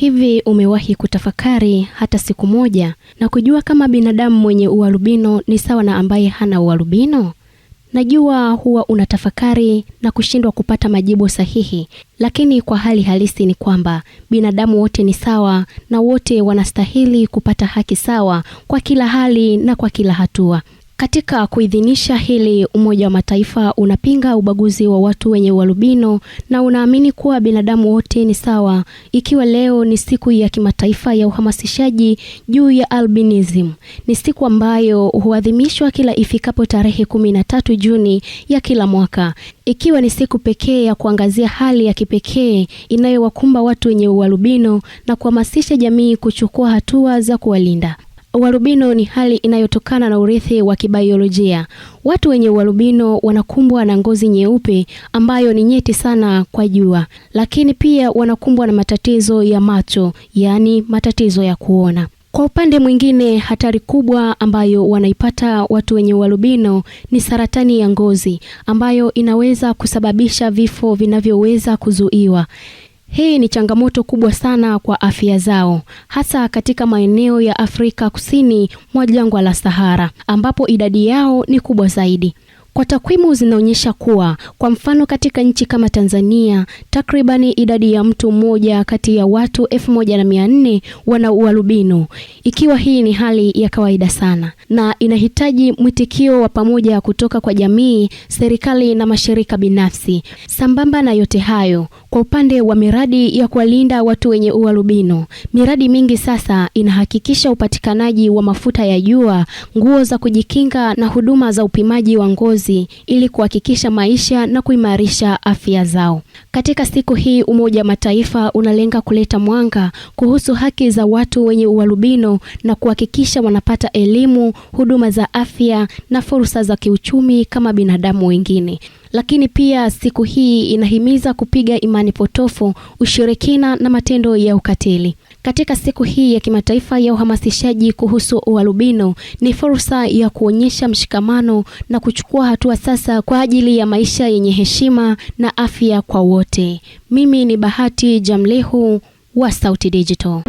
Hivi umewahi kutafakari hata siku moja na kujua kama binadamu mwenye ualbino ni sawa na ambaye hana ualbino? Najua huwa unatafakari na kushindwa kupata majibu sahihi, lakini kwa hali halisi ni kwamba binadamu wote ni sawa na wote wanastahili kupata haki sawa kwa kila hali na kwa kila hatua. Katika kuidhinisha hili, Umoja wa Mataifa unapinga ubaguzi wa watu wenye ualbino na unaamini kuwa binadamu wote ni sawa. Ikiwa leo ni siku ya kimataifa ya uhamasishaji juu ya albinism, ni siku ambayo huadhimishwa kila ifikapo tarehe kumi na tatu Juni ya kila mwaka, ikiwa ni siku pekee ya kuangazia hali ya kipekee inayowakumba watu wenye ualbino na kuhamasisha jamii kuchukua hatua za kuwalinda. Ualbino ni hali inayotokana na urithi wa kibaiolojia. Watu wenye ualbino wanakumbwa na ngozi nyeupe ambayo ni nyeti sana kwa jua, lakini pia wanakumbwa na matatizo ya macho, yaani matatizo ya kuona. Kwa upande mwingine, hatari kubwa ambayo wanaipata watu wenye ualbino ni saratani ya ngozi ambayo inaweza kusababisha vifo vinavyoweza kuzuiwa. Hii ni changamoto kubwa sana kwa afya zao, hasa katika maeneo ya Afrika Kusini mwa jangwa la Sahara ambapo idadi yao ni kubwa zaidi. Kwa takwimu zinaonyesha kuwa kwa mfano katika nchi kama Tanzania, takribani idadi ya mtu mmoja kati ya watu elfu moja na mia nne wana ualbino, ikiwa hii ni hali ya kawaida sana na inahitaji mwitikio wa pamoja kutoka kwa jamii, serikali na mashirika binafsi. Sambamba na yote hayo, kwa upande wa miradi ya kuwalinda watu wenye ualbino, miradi mingi sasa inahakikisha upatikanaji wa mafuta ya jua, nguo za kujikinga na huduma za upimaji wa ngozi ujuzi ili kuhakikisha maisha na kuimarisha afya zao. Katika siku hii, Umoja wa Mataifa unalenga kuleta mwanga kuhusu haki za watu wenye ualbino na kuhakikisha wanapata elimu, huduma za afya na fursa za kiuchumi kama binadamu wengine. Lakini pia siku hii inahimiza kupiga imani potofu, ushirikina na matendo ya ukatili. Katika siku hii ya kimataifa ya uhamasishaji kuhusu ualbino, ni fursa ya kuonyesha mshikamano na kuchukua hatua sasa kwa ajili ya maisha yenye heshima na afya kwa wote. Mimi ni Bahati Jamlehu wa Sauti Digital.